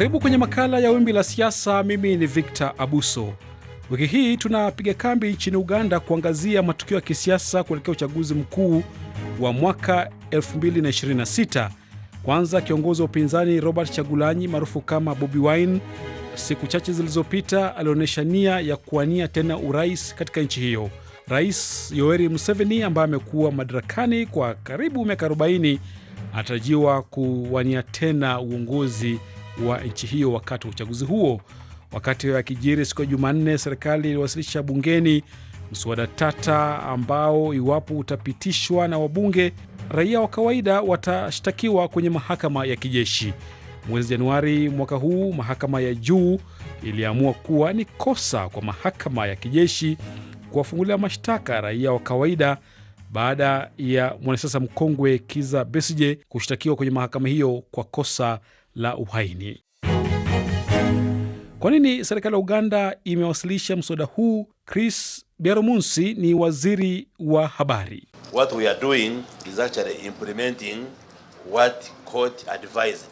Karibu kwenye makala ya Wimbi la Siasa. Mimi ni Victor Abuso. Wiki hii tunapiga kambi nchini Uganda kuangazia matukio ya kisiasa kuelekea uchaguzi mkuu wa mwaka 2026. Kwanza, kiongozi wa upinzani Robert Chagulanyi maarufu kama Bobi Wine siku chache zilizopita alionyesha nia ya kuwania tena urais katika nchi hiyo. Rais Yoweri Museveni ambaye amekuwa madarakani kwa karibu miaka 40 anatarajiwa kuwania tena uongozi wa nchi hiyo wakati wa uchaguzi huo. Wakati wa kijiri siku ya Jumanne, serikali iliwasilisha bungeni mswada tata ambao iwapo utapitishwa na wabunge, raia wa kawaida watashtakiwa kwenye mahakama ya kijeshi. Mwezi Januari mwaka huu, mahakama ya juu iliamua kuwa ni kosa kwa mahakama ya kijeshi kuwafungulia mashtaka raia wa kawaida baada ya mwanasiasa mkongwe Kiza Besije kushtakiwa kwenye mahakama hiyo kwa kosa la uhaini. Kwa nini serikali ya Uganda imewasilisha mswada huu? Chris Byarumunsi ni waziri wa habari. What we are doing is actually implementing what court advised.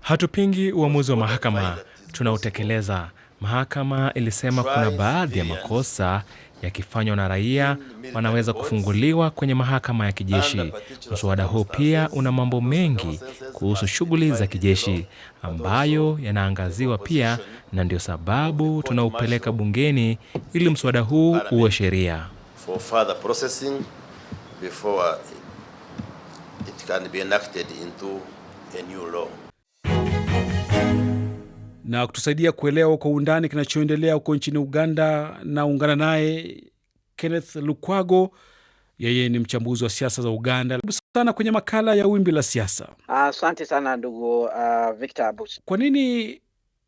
Hatupingi uamuzi wa mahakama, tunautekeleza. Mahakama ilisema kuna baadhi ya makosa yakifanywa na raia wanaweza kufunguliwa kwenye mahakama ya kijeshi. Mswada huu pia una mambo mengi kuhusu shughuli za kijeshi ambayo yanaangaziwa pia, na ndio sababu tunaupeleka bungeni ili mswada huu uwe sheria na kutusaidia kuelewa kwa undani kinachoendelea huko nchini Uganda na ungana naye Kenneth Lukwago, yeye ni mchambuzi wa siasa za Uganda. Karibu sana kwenye makala ya Wimbi la Siasa. Asante uh, sana ndugu uh, Victor Abus. Kwa nini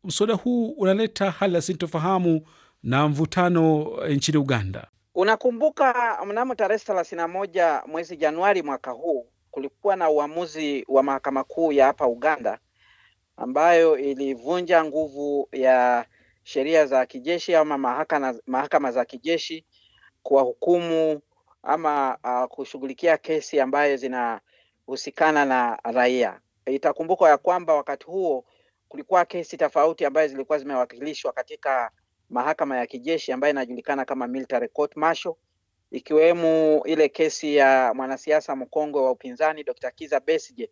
mswada huu unaleta hali ya sintofahamu na mvutano eh, nchini Uganda? Unakumbuka mnamo tarehe thelathini na moja mwezi Januari mwaka huu kulikuwa na uamuzi wa mahakama kuu ya hapa Uganda ambayo ilivunja nguvu ya sheria za kijeshi ama mahakama, mahakama za kijeshi kwa hukumu ama uh, kushughulikia kesi ambayo zinahusikana na raia. Itakumbukwa ya kwamba wakati huo kulikuwa kesi tofauti ambazo zilikuwa zimewakilishwa katika mahakama ya kijeshi ambayo inajulikana kama military court martial, ikiwemo ile kesi ya mwanasiasa mkongwe wa upinzani Dr. Kiza Besigye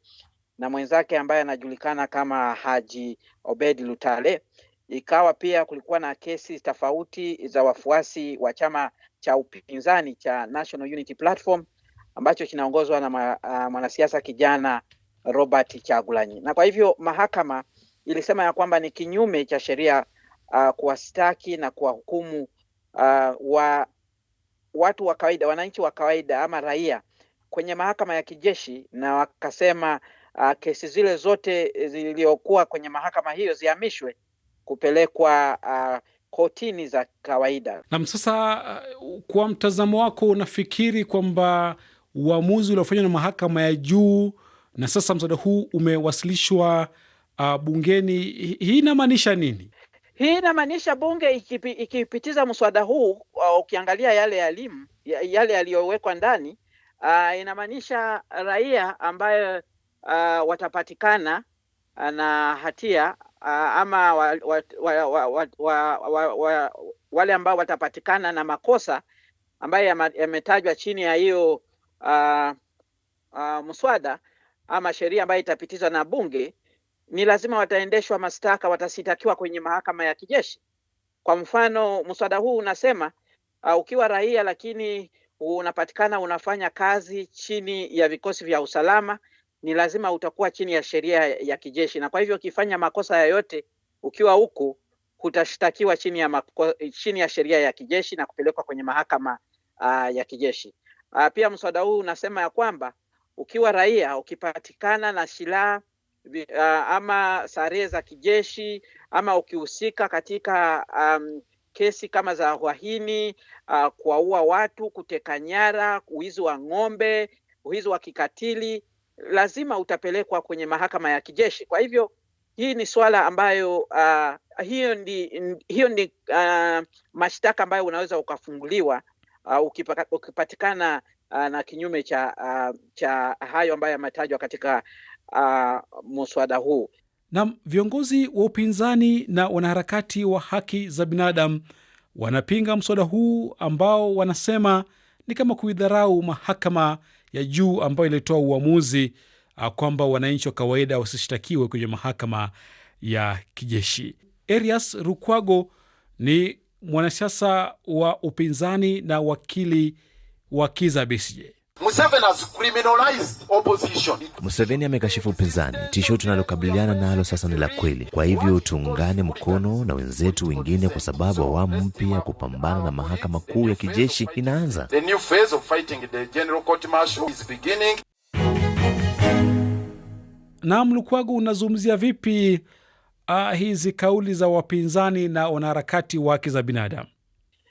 na mwenzake ambaye anajulikana kama Haji Obedi Lutale. Ikawa pia kulikuwa na kesi tofauti za wafuasi wa chama cha upinzani cha National Unity Platform ambacho kinaongozwa na ma, mwanasiasa kijana Robert Chagulanyi, na kwa hivyo mahakama ilisema ya kwamba ni kinyume cha sheria uh, kuwastaki na kuwahukumu uh, wa watu wa kawaida, wananchi wa kawaida ama raia kwenye mahakama ya kijeshi, na wakasema uh, kesi zile zote eh, zilizokuwa kwenye mahakama hiyo zihamishwe kupelekwa uh, kotini za kawaida. Nam, sasa ah, kwa mtazamo wako unafikiri kwamba uamuzi uliofanywa na mahakama ya juu na sasa mswada huu umewasilishwa uh, bungeni, hii inamaanisha nini? Hii inamaanisha bunge ikipi, ikipitiza mswada huu uh, ukiangalia yale yalimu yale yaliyowekwa ndani uh, inamaanisha raia ambayo uh, watapatikana uh, na hatia uh, ama wa, wa, wa, wa, wa, wa, wa, wa, wale ambao watapatikana na makosa ambayo yametajwa chini ya hiyo uh, uh, mswada ama sheria ambayo itapitizwa na bunge, ni lazima wataendeshwa mashtaka, watasitakiwa kwenye mahakama ya kijeshi. Kwa mfano, mswada huu unasema uh, ukiwa raia lakini unapatikana unafanya kazi chini ya vikosi vya usalama ni lazima utakuwa chini ya sheria ya kijeshi, na kwa hivyo ukifanya makosa yoyote ukiwa huku utashtakiwa chini ya mako, chini ya sheria ya kijeshi na kupelekwa kwenye mahakama uh, ya kijeshi. Uh, pia mswada huu unasema ya kwamba ukiwa raia ukipatikana na silaha ah, ama sare za kijeshi ama ukihusika katika um, kesi kama za uhaini uh, kuwaua watu, kuteka nyara, uizi wa ng'ombe, uizi wa kikatili lazima utapelekwa kwenye mahakama ya kijeshi. Kwa hivyo hii ni swala ambayo uh, hiyo ndi, hiyo ndi uh, mashtaka ambayo unaweza ukafunguliwa uh, ukipaka, ukipatikana uh, na kinyume cha, uh, cha hayo ambayo yametajwa katika uh, muswada huu. nam viongozi wa upinzani na wanaharakati wa haki za binadamu wanapinga mswada huu ambao wanasema ni kama kuidharau mahakama ya juu ambayo ilitoa uamuzi ah, kwamba wananchi wa kawaida wasishtakiwe kwenye mahakama ya kijeshi. Erias rukwago ni mwanasiasa wa upinzani na wakili wa Kiza Besigye. Museveni amekashifu upinzani. Tishio tunalokabiliana nalo sasa ni la kweli, kwa hivyo tuungane mkono na wenzetu wengine, kwa sababu awamu mpya kupambana na mahakama kuu ya kijeshi inaanza. The Lukwagu, unazungumzia vipi uh, hizi kauli za wapinzani na wanaharakati wa haki za binadamu?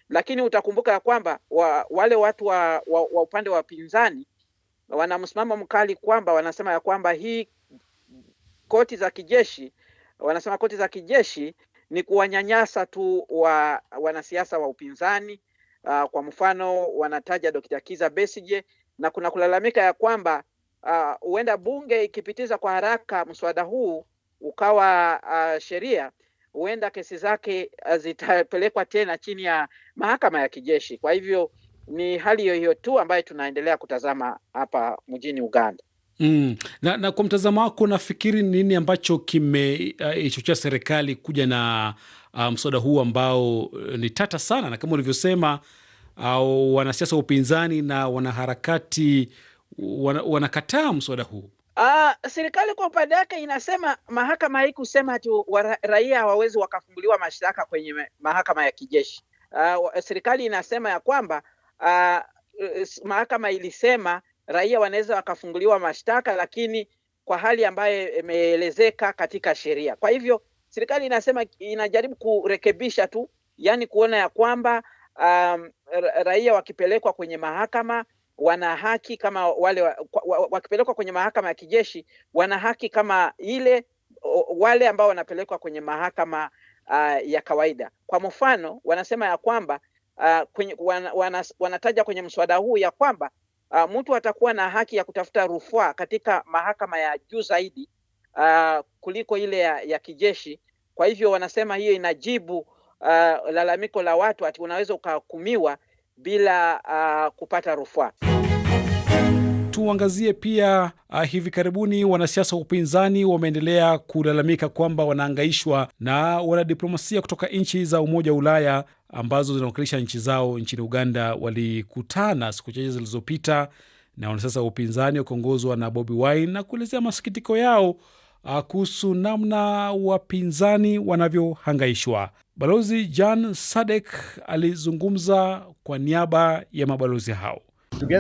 Lakini utakumbuka ya kwamba wa, wale watu wa, wa, wa upande wa pinzani wana msimamo mkali kwamba wanasema ya kwamba hii koti za kijeshi, wanasema koti za kijeshi ni kuwanyanyasa tu wa wanasiasa wa upinzani. Uh, kwa mfano wanataja Dr. Kiza Besije na kuna kulalamika ya kwamba ah, huenda uh, bunge ikipitiza kwa haraka mswada huu ukawa uh, sheria huenda kesi zake eh, zitapelekwa tena chini ya mahakama ya kijeshi. Kwa hivyo ni hali hiyo hiyo tu ambayo tunaendelea kutazama hapa mjini Uganda. Mm. Na, na kwa mtazamo wako nafikiri nini ambacho kimeichochea eh, uh, serikali kuja na uh, mswada huu ambao uh, ni tata sana, na kama ulivyosema uh, wanasiasa wa upinzani na wanaharakati wanakataa mswada huu. Uh, serikali kwa upande wake inasema mahakama haikusema ati wa, raia hawawezi wakafunguliwa mashtaka kwenye mahakama ya kijeshi. Uh, serikali inasema ya kwamba uh, mahakama ilisema raia wanaweza wakafunguliwa mashtaka lakini kwa hali ambayo imeelezeka katika sheria. Kwa hivyo serikali inasema inajaribu kurekebisha tu, yani kuona ya kwamba um, raia wakipelekwa kwenye mahakama wana haki kama wale wakipelekwa kwenye mahakama ya kijeshi, wana haki kama ile wale ambao wanapelekwa kwenye mahakama uh, ya kawaida. Kwa mfano, wanasema ya kwamba uh, kwenye, wana, wana, wanataja kwenye mswada huu ya kwamba uh, mtu atakuwa na haki ya kutafuta rufaa katika mahakama ya juu zaidi uh, kuliko ile ya, ya kijeshi. Kwa hivyo wanasema hiyo inajibu uh, lalamiko la watu ati unaweza ukahukumiwa bila uh, kupata rufaa tuangazie pia uh, hivi karibuni wanasiasa wa upinzani wameendelea kulalamika kwamba wanaangaishwa na wanadiplomasia kutoka nchi za Umoja wa Ulaya ambazo zinawakilisha nchi zao nchini Uganda. Walikutana siku chache zilizopita na wanasiasa wa upinzani wakiongozwa na Bobi Wine na kuelezea masikitiko yao ah, kuhusu namna wapinzani wanavyohangaishwa. Balozi Jan Sadek alizungumza kwa niaba ya mabalozi hao. Uh,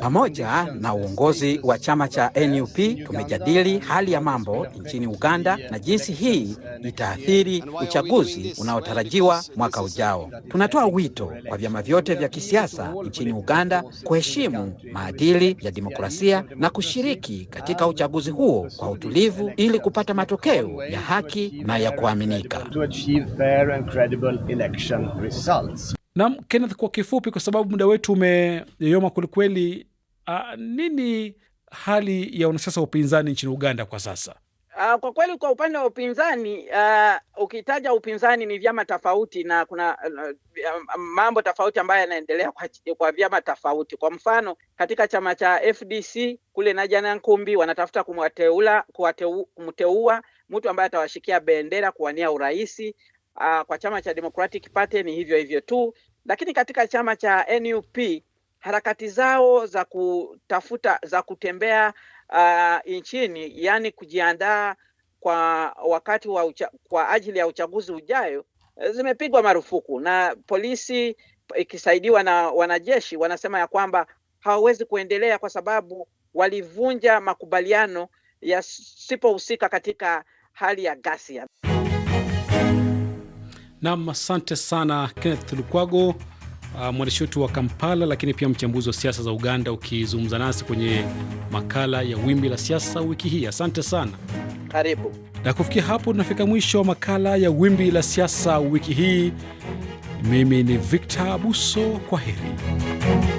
Pamoja na uongozi wa chama cha NUP tumejadili hali ya mambo nchini Uganda na jinsi uh, hii itaathiri uchaguzi unaotarajiwa mwaka ujao. Tunatoa wito kwa vyama vyote vya kisiasa nchini Uganda kuheshimu maadili ya demokrasia na kushiriki katika uchaguzi huo kwa utulivu ili kupata matokeo ya haki na ya kuaminika election results. Naam, Kenneth, kwa kifupi, kwa sababu muda wetu umeyoyoma kwelikweli, uh, nini hali ya wanasiasa wa upinzani nchini Uganda kwa sasa? Uh, kwa kweli kwa upande wa upinzani uh, ukitaja upinzani ni vyama tofauti na kuna uh, mambo tofauti ambayo yanaendelea kwa, kwa vyama tofauti. Kwa mfano katika chama cha FDC kule Najana Nkumbi wanatafuta kumwateula kumteua mtu ambaye atawashikia bendera kuwania urahisi Uh, kwa chama cha Democratic Party ni hivyo hivyo tu, lakini katika chama cha NUP harakati zao za kutafuta za kutembea uh, nchini yani kujiandaa kwa wakati wa ucha, kwa ajili ya uchaguzi ujayo eh, zimepigwa marufuku na polisi ikisaidiwa na wanajeshi wanasema ya kwamba hawawezi kuendelea kwa sababu walivunja makubaliano yasipohusika katika hali ya ghasia. Nam, asante sana Kenneth Lukwago, uh, mwandishi wetu wa Kampala, lakini pia mchambuzi wa siasa za Uganda, ukizungumza nasi kwenye makala ya Wimbi la Siasa wiki hii. Asante sana, karibu. Na kufikia hapo, tunafika mwisho wa makala ya Wimbi la Siasa wiki hii. Mimi ni Victor Abuso, kwa heri.